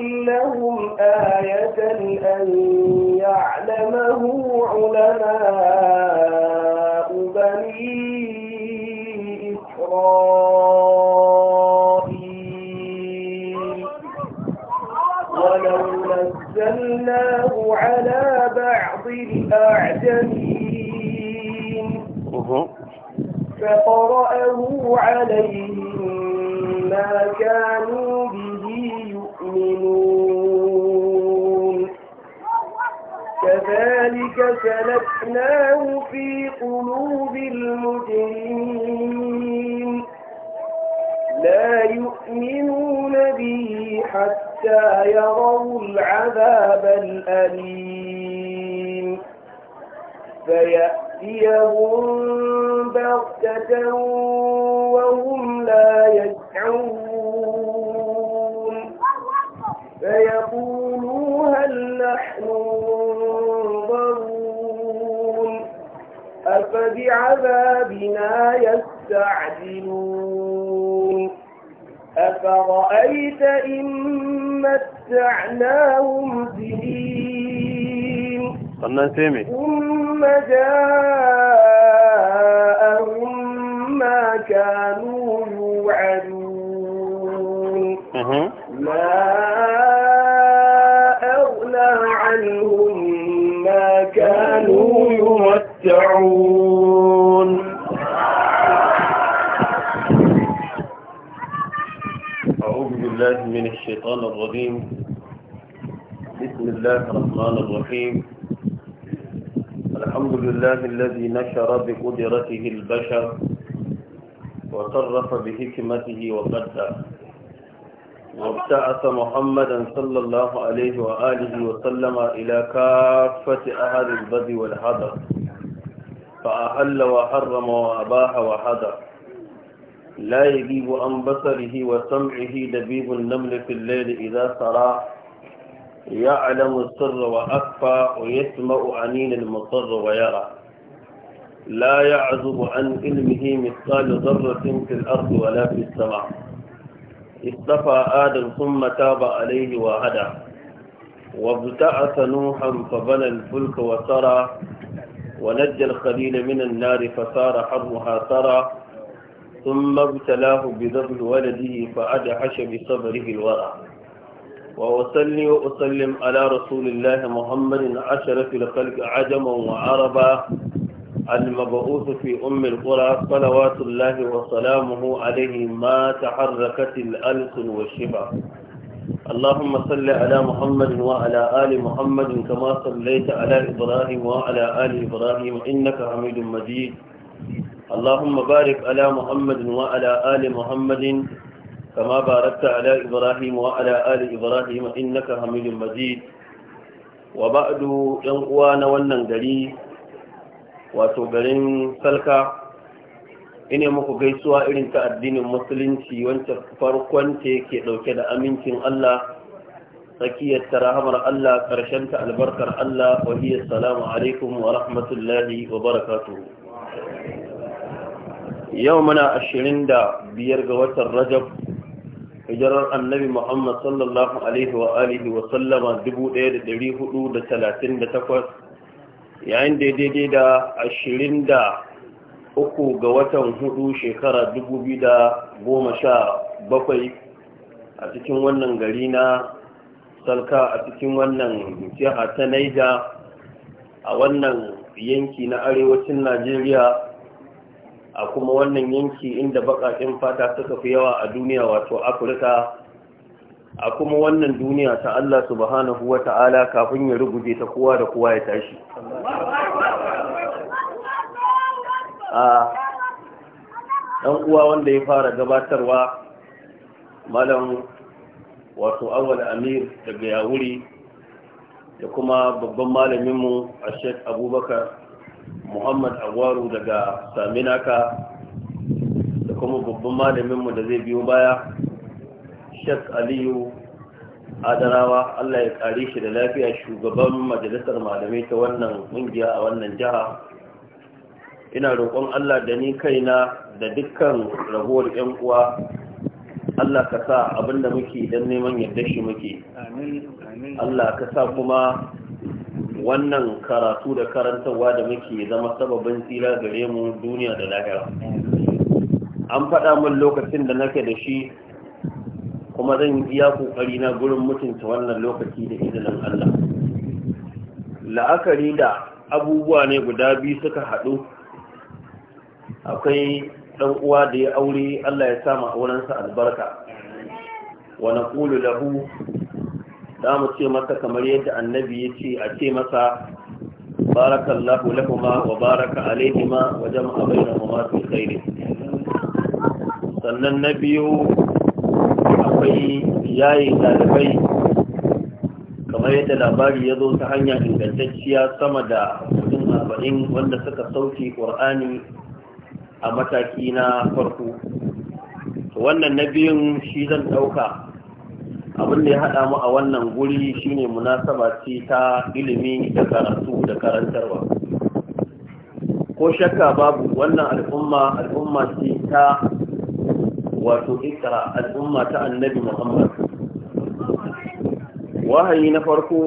لهم آية أن يعلمه علماء بني إسرائيل ولو نزلناه على بعض الأعجمين فقرأه عليهم ما كانوا به يؤمنون كذلك سلكناه في قلوب المجرمين لا يؤمنون به حتى يروا العذاب الأليم فيأتيهم بغتة وهم لا يدعون فيقولوا هل نحن منظرون أفبعذابنا يستعجلون أفرأيت إن متعناهم سنين ثم جاءوا كانوا يمتعون أعوذ بالله من الشيطان الرجيم بسم الله الرحمن الرحيم الحمد لله الذي نشر بقدرته البشر وصرف بحكمته وقدر وابتعث محمدا صلى الله عليه وآله وسلم إلى كافة أهل البذ والحضر فأحل وحرم وأباح وحضر لا يجيب عن بصره وسمعه دبيب النمل في الليل إذا سرى يعلم السر وأخفى ويسمع عنين المصر ويرى لا يعزب عن علمه مثقال ذرة في الأرض ولا في السماء اصطفى آدم ثم تاب عليه وهدى وابتعث نوحا فبنى الفلك وسرى ونجى الخليل من النار فصار حرها سرى ثم ابتلاه بذبل ولده فأدعش بصبره الورى وأصلي وأسلم على رسول الله محمد عشرة الخلق عجما وعربا المبعوث في أم القرى صلوات الله وسلامه عليه ما تحركت الألسن والشفا اللهم صل على محمد وعلى آل محمد كما صليت على إبراهيم وعلى آل إبراهيم إنك حميد مجيد اللهم بارك على محمد وعلى آل محمد كما باركت على إبراهيم وعلى آل إبراهيم إنك حميد مجيد وبعد ينقوان وننقليه wato garin salka ina muku gaisuwa irin ta addinin musulunci wancan farkon ce ke dauke da amincin Allah tsakiyar ta rahamar Allah karshen ta albarkar Allah wa hiya salamu alaikum wa rahmatullahi wa barakatuh yau muna ashirin da biyar ga watan Rajab hijirar annabi Muhammad sallallahu alaihi wa alihi wa sallama takwas. yayin da daidai da ashirin da uku ga watan hudu shekara dubu biyu da goma sha bakwai a cikin wannan gari na salka a cikin wannan jiha ta naija a wannan yanki na arewacin najeriya a kuma wannan yanki inda bakakin fata suka fi yawa a duniya wato afirka a kuma wannan duniya ta Allah subhanahu wa ta'ala kafin ya rubuce ta kowa da kowa ya tashi a ɗan uwa wanda ya fara gabatarwa malam wato awal amir daga yawuri da kuma babban malaminmu a sheik abubakar muhammad agwaru daga saminaka da kuma babban malaminmu da zai biyo baya shek aliyu adarawa allah ya kare shi da lafiya shugaban majalisar malamai ta wannan ƙungiya a wannan jiha ina roƙon allah da ni kaina da dukkan rabuwar yan uwa allah ka sa abinda muke don neman yadda shi muke allah ka sa kuma wannan karatu da karantarwa da muke zama sababin tsira gare mu duniya da lahira an faɗa min lokacin da nake da shi kuma zan iya kokari na gurin mutunta wannan lokaci da izinin Allah la'akari da abubuwa ne guda biyu suka haɗu akwai ɗan uwa da ya aure Allah ya sama aurensa albarka wa naqulu lahu da mu ce masa kamar yadda annabi ya ce a ce masa barakallahu lahuma wa baraka alaihima wa jama'a bainahuma fi khairin sannan na biyo. akwai yayi dalibai kamar yadda labari ya zo ta hanya ingantacciya sama da mutum arba'in wanda suka sauke ƙur'ani a mataki na farko wannan na biyun shi zan ɗauka abin da ya haɗa mu a wannan guri shine munasaba ce ta ilimi da karatu da karantarwa ko shakka babu wannan al'umma al'umma ce ta wato ikra al'umma ta annabi muhammad wahayi na farko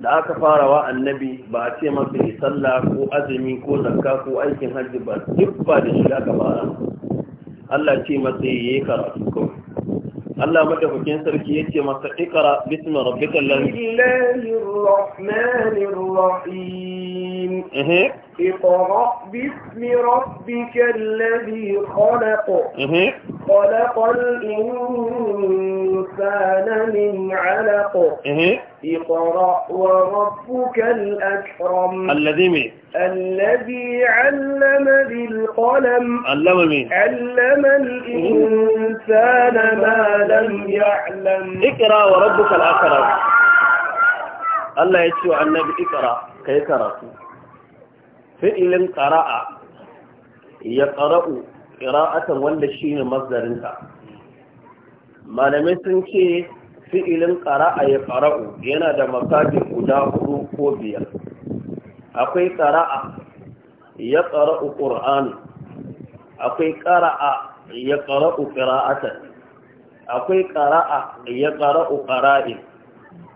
da aka fara wa annabi ba a ce masa ya sallah ko azumi ko zakka ko aikin hajji ba duk ba da shi aka fara Allah ce masa ya yi karatu ko Allah madaukakin sarki yake masa ikra bismi rabbikal ladhi rahmanir rahim eh iqra bismi rabbikal ladhi khalaq eh خلق الإنسان من علق إيه. اقرأ وربك الأكرم الذي مين الذي علم بالقلم علم مين علم الإنسان ما لم يعلم اقرأ وربك الأكرم الله يتشوى النبي اقرأ كيف قرأ فإن قرأ يقرأ ƙira'atan wanda shi ne mazdarinsa malamai sun ce fi'ilin ƙara'a ya ƙara'u yana da makafi guda hudu ko biyar akwai ƙara'a ya ƙara'u ƙur'ani akwai ƙara'a ya ƙara'u ƙira'atan akwai ƙara'a ya ƙara'u ƙara'in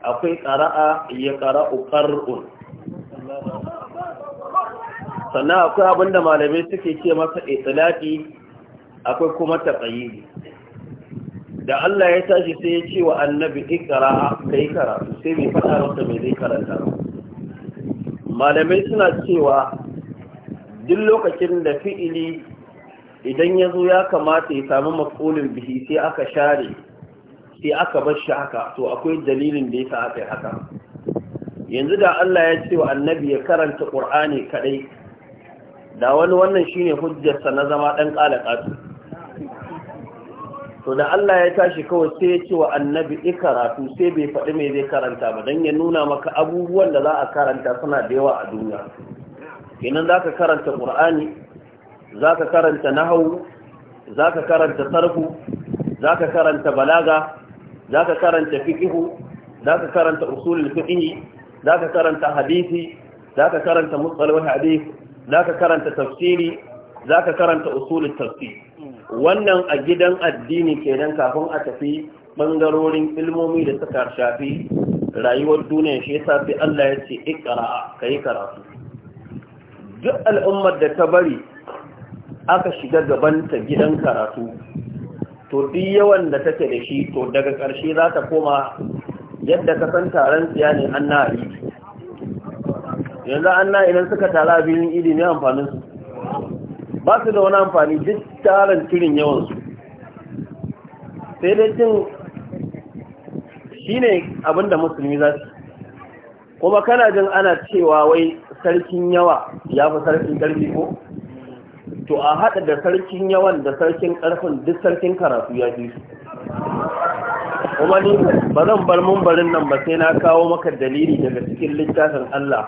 akwai ƙara'a ya ƙara'u ƙar'un sannan akwai abin da malamai suke ce masa itilafi akwai kuma taƙayyidi da Allah ya tashi sai ya ce wa annabi ikara kai karatu sai mai faɗa masa mai zai karanta malamai suna cewa duk lokacin da fi'ili idan ya zo ya kamata ya samu makulin bihi sai aka share sai aka bar shi haka to akwai dalilin da ya sa aka yi haka yanzu da Allah ya ce wa annabi ya karanta ƙur'ani kaɗai da wani wannan shine hujjarsa na zama ɗan ƙala ƙatu to da Allah ya tashi kawai sai ya ce wa annabi i karatu sai bai faɗi mai zai karanta ba don ya nuna maka abubuwan da za a karanta suna da yawa a duniya kenan za ka karanta ƙur'ani za ka karanta nahawu za ka karanta sarfu za ka karanta balaga za ka karanta fiƙihu za ka karanta usulul fiƙihi za ka karanta hadisi za ka karanta mutsalwar hadisi zaka karanta tafsiri zaka karanta usulun tafsir wannan a gidan addini kenan kafin a tafi ɓangarorin ilmomi da suka shafi rayuwar duniya shi yasa sai Allah ya ce ikra kai karatu duk al'ummar da ta bari aka shiga gaban ta gidan karatu to duk yawan da take da shi to daga ƙarshe za ta koma yadda ka san taron siya ne an yanzu an na idan suka tara a filin idi ne amfaninsu ba su da wani amfani duk tarin cirin yawansu sai dai cin shi ne abinda musulmi za su kuma kana jin ana cewa wai sarkin yawa ya fi sarkin ƙarfi ko to a haɗa da sarkin yawan da sarkin ƙarfin duk sarkin karatu ya fi kuma ni ba zan bar mumbarin nan ba sai na kawo maka dalili daga cikin littafin Allah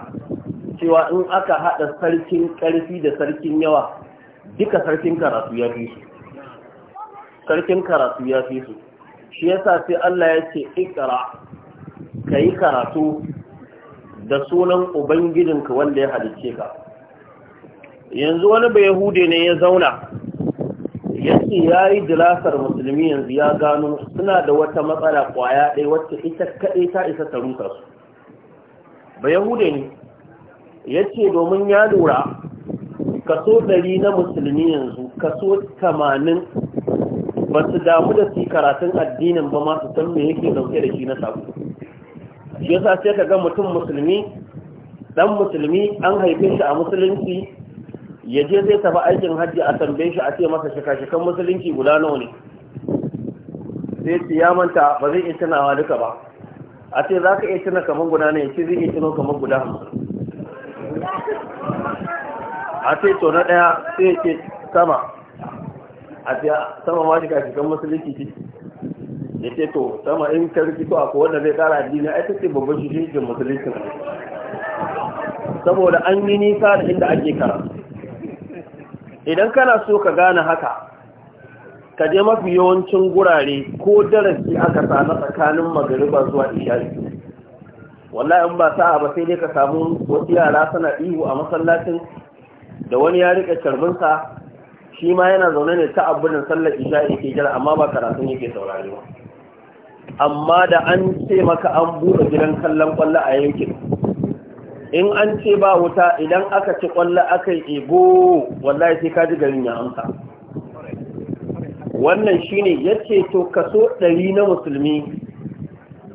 cewa in aka haɗa sarkin ƙarfi da sarkin yawa duka sarkin karatu ya fi su sarkin karatu ya fi su shi yasa sai Allah ya ce ikra ka yi karatu da sunan ubangijinka wanda ya halicce ka yanzu wani bai yahude ne ya zauna ya ce ya yi dilasar musulmi yanzu ya gano suna da wata matsala kwaya ɗaya wacce ita kaɗai ta isa ta rusa su ba yahude ne ya ce domin ya lura kaso ɗari na musulmi yanzu kaso tamanin ba su damu da su karatun addinin ba masu san me yake dauke da shi na sabu shi yasa sai ka ga mutum musulmi dan musulmi an haife shi a musulunci ya je zai tafi aikin hajji a tambaye shi a ce masa shika-shikan musulunci guda nawa ne sai ce ya manta ba zai iya tunawa duka ba a ce za ka iya tuna kamar guda ne ya ce zai iya tuna kamar guda hamsin a ce to na ɗaya sai ya ce sama a ce sama ma shiga kan musulunci ce ya ce to sama in ka to a wanda zai ƙara addini ai ta ce babban shishigin musulunci saboda an yi nisa da inda ake kara idan kana so ka gane haka ka je mafi yawancin gurare ko darasi aka sami tsakanin magariba zuwa ishari wallahi in ba sa'a ba sai dai ka samu wasu yara suna ihu a masallacin da wani ya rike carbinsa shi ma yana zaune ne ta abudin sallar isha yake jira amma ba karatun yake saurari ba amma da an ce maka an buɗe gidan kallon kwallo a yankin in an ce ba wuta idan aka ci kwallo aka yi ego wallahi sai ka ji garin ya amsa wannan shine yace to kaso ɗari na musulmi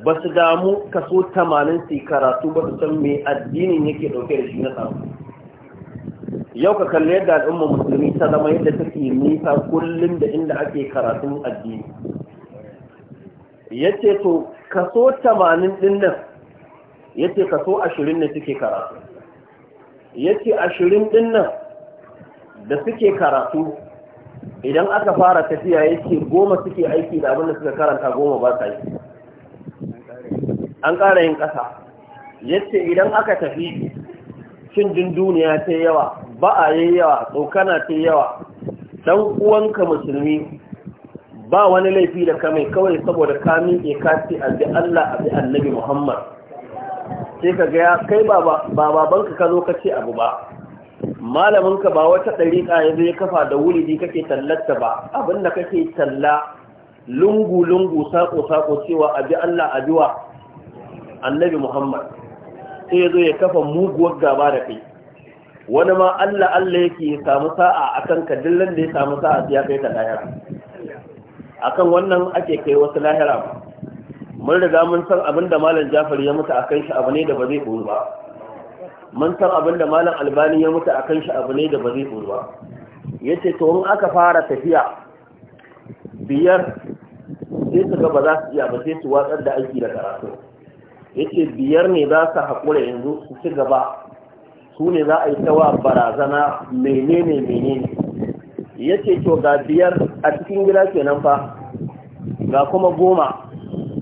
ba su damu kaso tamanin su karatu ba su san me addinin yake dauke da shi na tsaro yau ka kalli yadda al'ummar musulmi ta zama yadda take nisa kullum da inda ake karatun addini yace to kaso tamanin din nan yace kaso ashirin ne suke karatu yace ashirin din nan da suke karatu idan aka fara tafiya ce goma suke aiki da abin da suka karanta goma ba sa yi an ƙara yin ƙasa yace idan aka tafi cin dunduniya ta yawa ba a yi yawa tsokana ta yawa Don uwanka musulmi ba wani laifi da kamai kawai saboda ka miƙe ka a bi Allah a bi annabi Muhammad sai ka ga kai ba babanka ka zo ka ce abu ba malaminka ba wata ɗariƙa ya zai kafa da wuri kake tallata ba abinda kake talla lungu-lungu saƙo-saƙo cewa a bi Allah a biwa annabi muhammad sai ya zo ya kafa muguwar gaba da kai wani ma allah allah yake ya samu sa'a akan ka dillan da ya samu sa'a ya kai ta lahira akan wannan ake kai wasu lahira ba mun riga mun san abin da malam jafar ya mutu a kan shi abu ne da ba zai koyi ba mun san abin da malam albani ya mutu a kan shi abu ne da ba zai koyi ba ce to in aka fara tafiya biyar sai su ga ba za su iya ba sai su watsar da aiki da karatu yace biyar ne za su haƙura yanzu su ci gaba su ne za a yi tawa barazana menene menene yace to ga biyar a cikin gida kenan fa ga kuma goma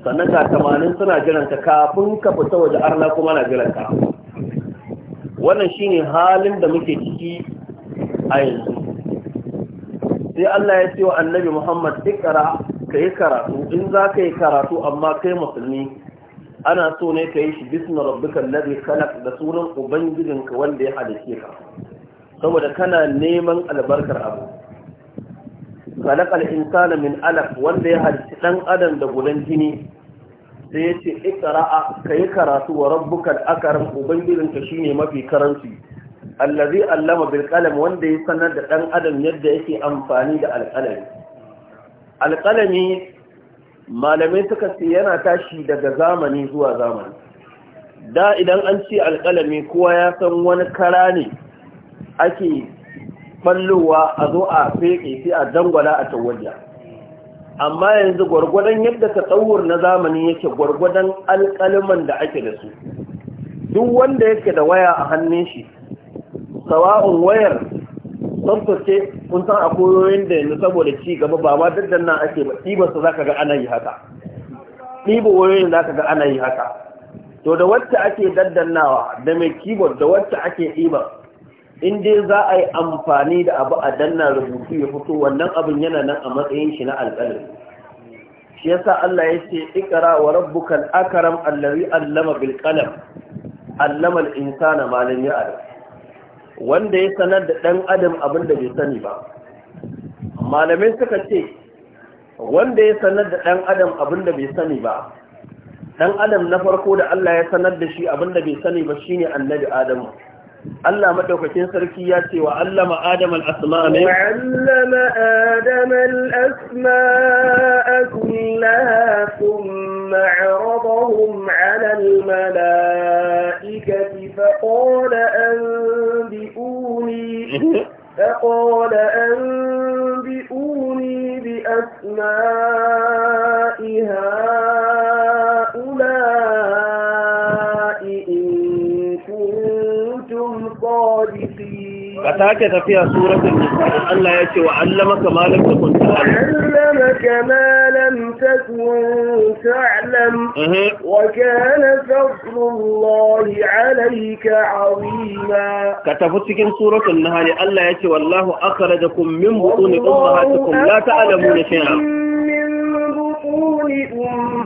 sannan ga tamanin suna jiranta kafin ka fita waje arna kuma na jiranta wannan shine halin da muke ciki a yanzu sai Allah ya ce wa annabi Muhammad ikra ka yi karatu in za ka yi karatu amma kai musulmi ana so ne ka yi shi bisna rabbikan ladhi khalaq da sunan ubangijinka wanda ya halice ka saboda kana neman albarkar abu khalaqal insana min alaq wanda ya halice dan adam da gudan jini sai yace iqra'a kai karatu wa rabbukal akram ubangijinka shine mafi karanci allazi allama bil qalam wanda ya sanar da dan adam yadda yake amfani da alqalami alqalami malamai suka ce yana tashi daga zamani zuwa zamani da idan an ce alƙalami kowa ya san wani kara ne ake ballowa a zo a feƙe sai a dangwala a tawajiya amma yanzu gwargwadon yadda tsawur na zamani yake gwargwadon alƙaliman da ake da su duk wanda yake da waya a hannun shi sawa'un wayar tsaftace kun san a koyoyin da yanzu saboda ci gaba ba ma daddan nan ake ba ɗiba su ka ga ana yi haka ɗiba wayoyin ka ga ana yi haka to da wacce ake daddannawa da mai keyboard da wacce ake ɗiba in dai za a yi amfani da abu a danna rubutu ya fito wannan abin yana nan a matsayin shi na alƙalin shi yasa Allah ya ce ikra wa rabbukal akram allazi allama bil qalam allama al insana ma lam ya'lam wanda ya sanar da ɗan adam abin da bai sani ba malamai suka ce wanda ya sanar da ɗan adam abin da bai sani ba ɗan adam na farko da Allah ya sanar da shi abin da bai sani ba shine annabi adamu Allah madaukakin sarki ya ce wa allama adam al ne allama adam al-asma'a kullaha thumma 'aradahum 'ala al-mala'ikati fa qala anbi'uni فقال أنبئوني بأسماء هؤلاء a take tafiya suratul nisa Allah ya ce wa allamaka ma lam takun ta'lam allamaka ma lam takun ta'lam wa kana fadlullahi alayka azima ka tafi cikin suratul nahl Allah ya ce wallahu akhrajakum min butun ummahatikum la ta'lamuna shay'an